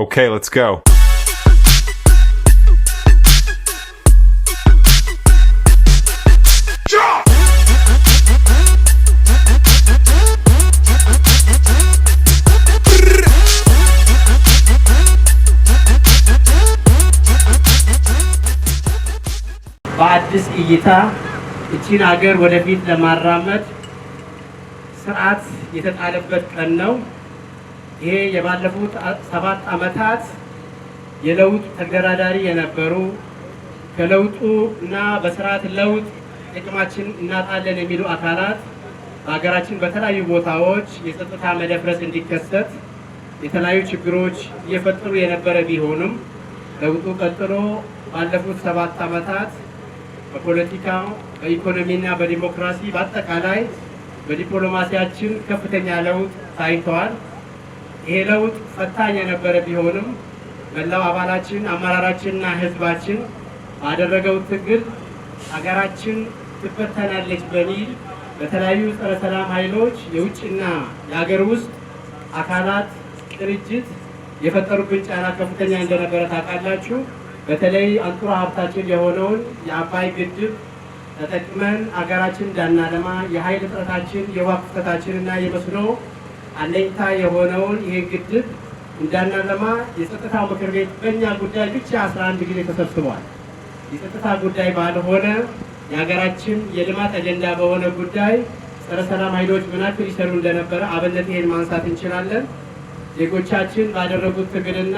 Okay, let's go. በአዲስ እይታ እቺን ሀገር ወደፊት ለማራመድ ስርዓት የተጣለበት ቀን ነው። ይሄ የባለፉት ሰባት ዓመታት የለውጥ ተደራዳሪ የነበሩ ከለውጡ እና በስርዓት ለውጥ ጥቅማችን እናጣለን የሚሉ አካላት በሀገራችን በተለያዩ ቦታዎች የጸጥታ መደፍረስ እንዲከሰት የተለያዩ ችግሮች እየፈጠሩ የነበረ ቢሆንም ለውጡ ቀጥሎ ባለፉት ሰባት ዓመታት በፖለቲካ በኢኮኖሚና በዲሞክራሲ በአጠቃላይ በዲፕሎማሲያችን ከፍተኛ ለውጥ ታይተዋል። ይሄ ለውጥ ፈታኝ የነበረ ቢሆንም መላው አባላችን አመራራችንና ህዝባችን ባደረገው ትግል ሀገራችን ትበተናለች በሚል በተለያዩ ጸረ ሰላም ኃይሎች የውጭና የሀገር ውስጥ አካላት ቅንጅት የፈጠሩብን ጫና ከፍተኛ እንደነበረ ታውቃላችሁ። በተለይ አንጡራ ሀብታችን የሆነውን የአባይ ግድብ ተጠቅመን አገራችን እንዳናለማ የኃይል እጥረታችን፣ የውሃ ክፍተታችን የመስኖ አለኝታ የሆነውን ይህ ግድብ እንዳናለማ የጸጥታ ምክር ቤት በእኛ ጉዳይ ብቻ 11 ጊዜ ተሰብስቧል። የጸጥታ ጉዳይ ባልሆነ የሀገራችን የልማት አጀንዳ በሆነ ጉዳይ ጸረ ሰላም ኃይሎች ምናክል ይሰሩ እንደነበረ አብነት ይሄን ማንሳት እንችላለን። ዜጎቻችን ባደረጉት ትግልና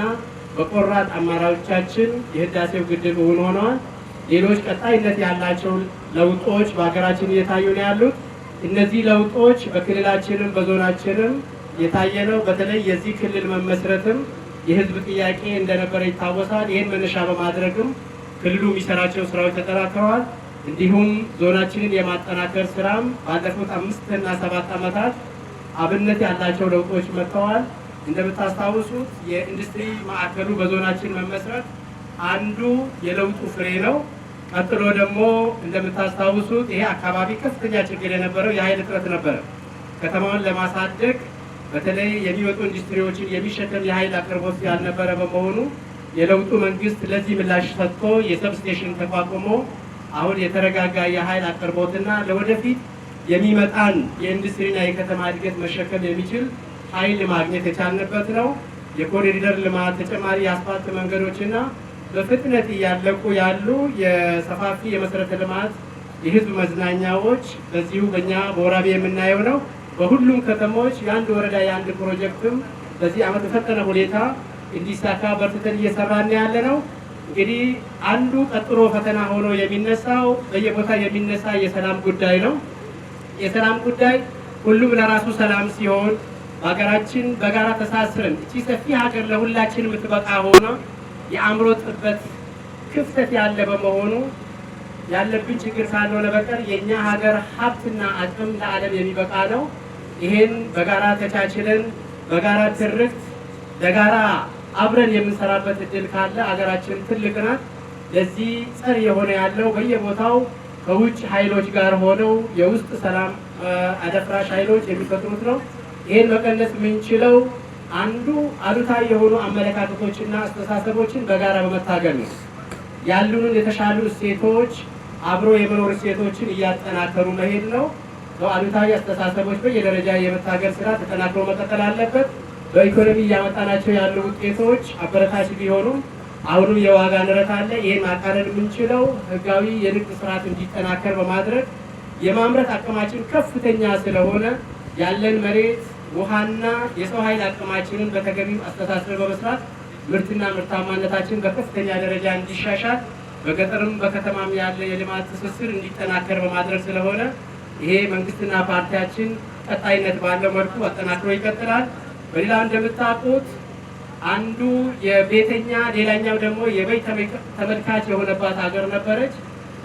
በቆራጥ አማራዎቻችን የህዳሴው ግድብ እውን ሆነዋል። ሌሎች ቀጣይነት ያላቸው ለውጦች በሀገራችን እየታዩ ነው ያሉት። እነዚህ ለውጦች በክልላችንም በዞናችንም የታየ ነው። በተለይ የዚህ ክልል መመስረትም የህዝብ ጥያቄ እንደነበረ ይታወሳል። ይህን መነሻ በማድረግም ክልሉ የሚሰራቸው ስራዎች ተጠናክረዋል። እንዲሁም ዞናችንን የማጠናከር ስራም ባለፉት አምስት እና ሰባት ዓመታት አብነት ያላቸው ለውጦች መጥተዋል። እንደምታስታውሱት የኢንዱስትሪ ማዕከሉ በዞናችን መመስረት አንዱ የለውጡ ፍሬ ነው። ቀጥሎ ደግሞ እንደምታስታውሱት ይሄ አካባቢ ከፍተኛ ችግር የነበረው የኃይል እጥረት ነበረ። ከተማውን ለማሳደግ በተለይ የሚወጡ ኢንዱስትሪዎችን የሚሸከም የኃይል አቅርቦት ያልነበረ በመሆኑ የለውጡ መንግስት ለዚህ ምላሽ ሰጥቶ የሰብስቴሽን ተቋቁሞ አሁን የተረጋጋ የኃይል አቅርቦትና ለወደፊት የሚመጣን የኢንዱስትሪና የከተማ እድገት መሸከም የሚችል ኃይል ማግኘት የቻልንበት ነው። የኮሪደር ልማት ተጨማሪ የአስፋልት መንገዶችና በፍጥነት እያለቁ ያሉ የሰፋፊ የመሰረተ ልማት የህዝብ መዝናኛዎች በዚሁ በእኛ በወራቤ የምናየው ነው። በሁሉም ከተሞች የአንድ ወረዳ የአንድ ፕሮጀክትም በዚህ ዓመት በፈጠነ ሁኔታ እንዲሳካ በርትተን እየሰራን ያለ ነው። እንግዲህ አንዱ ቀጥሮ ፈተና ሆኖ የሚነሳው በየቦታ የሚነሳ የሰላም ጉዳይ ነው። የሰላም ጉዳይ ሁሉም ለራሱ ሰላም ሲሆን በሀገራችን በጋራ ተሳስረን እቺ ሰፊ ሀገር ለሁላችን የምትበቃ ሆነ የአእምሮ ጥበት ክፍተት ያለ በመሆኑ ያለብን ችግር ካልሆነ በቀር የእኛ ሀገር ሀብትና አቅም ለዓለም የሚበቃ ነው። ይህን በጋራ ተቻችለን በጋራ ትርክት ለጋራ አብረን የምንሰራበት እድል ካለ ሀገራችን ትልቅ ናት። ለዚህ ጸር የሆነ ያለው በየቦታው ከውጭ ኃይሎች ጋር ሆነው የውስጥ ሰላም አደፍራሽ ኃይሎች የሚፈጥሩት ነው። ይህን መቀነስ የምንችለው አንዱ አሉታዊ የሆኑ አመለካከቶችና አስተሳሰቦችን በጋራ በመታገል ነው። ያሉንን የተሻሉ እሴቶች አብሮ የመኖር እሴቶችን እያጠናከሩ መሄድ ነው። አሉታዊ አስተሳሰቦች በየደረጃ የመታገል ስራ ተጠናክሮ መቀጠል አለበት። በኢኮኖሚ እያመጣናቸው ያሉ ውጤቶች አበረታች ቢሆኑም አሁንም የዋጋ ንረት አለ። ይህን ማቃለል የምንችለው ህጋዊ የንግድ ስርዓት እንዲጠናከር በማድረግ የማምረት አቅማችን ከፍተኛ ስለሆነ ያለን መሬት ውሃና የሰው ኃይል አቅማችንን በተገቢው አስተሳሰር በመስራት ምርትና ምርታማነታችን በከፍተኛ ደረጃ እንዲሻሻል በገጠርም በከተማም ያለ የልማት ትስስር እንዲጠናከር በማድረግ ስለሆነ ይሄ መንግስትና ፓርቲያችን ቀጣይነት ባለው መልኩ አጠናክሮ ይቀጥላል። በሌላ እንደምታውቁት አንዱ የቤተኛ ሌላኛው ደግሞ የበይ ተመልካች የሆነባት ሀገር ነበረች።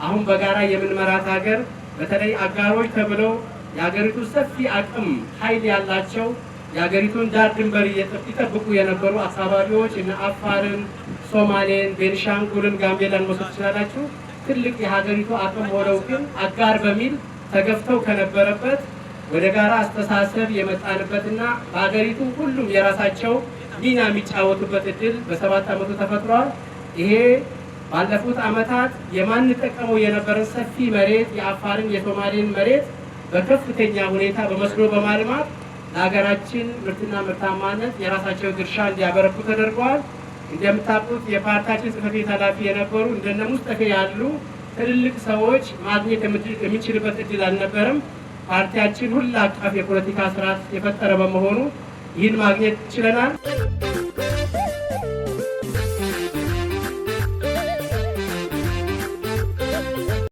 አሁን በጋራ የምንመራት ሀገር በተለይ አጋሮች ተብለው የሀገሪቱ ሰፊ አቅም ኃይል ያላቸው የሀገሪቱን ዳር ድንበር ይጠብቁ የነበሩ አካባቢዎች እነ አፋርን፣ ሶማሌን፣ ቤንሻንጉልን፣ ጋምቤላን መውሰድ ትችላላችሁ። ትልቅ የሀገሪቱ አቅም ሆነው ግን አጋር በሚል ተገፍተው ከነበረበት ወደ ጋራ አስተሳሰብ የመጣንበትና በሀገሪቱ ሁሉም የራሳቸው ሚና የሚጫወቱበት እድል በሰባት ዓመቱ ተፈጥሯል። ይሄ ባለፉት ዓመታት የማንጠቀመው የነበረን ሰፊ መሬት የአፋርን የሶማሌን መሬት በከፍተኛ ሁኔታ በመስኖ በማልማት ለሀገራችን ምርትና ምርታማነት የራሳቸው ድርሻ እንዲያበረኩ ተደርገዋል። እንደምታውቁት የፓርታችን ጽሕፈት ቤት ኃላፊ የነበሩ እንደነ ሙስጠፌ ያሉ ትልልቅ ሰዎች ማግኘት የሚችልበት እድል አልነበረም። ፓርቲያችን ሁሉ አቀፍ የፖለቲካ ስርዓት የፈጠረ በመሆኑ ይህን ማግኘት ችለናል።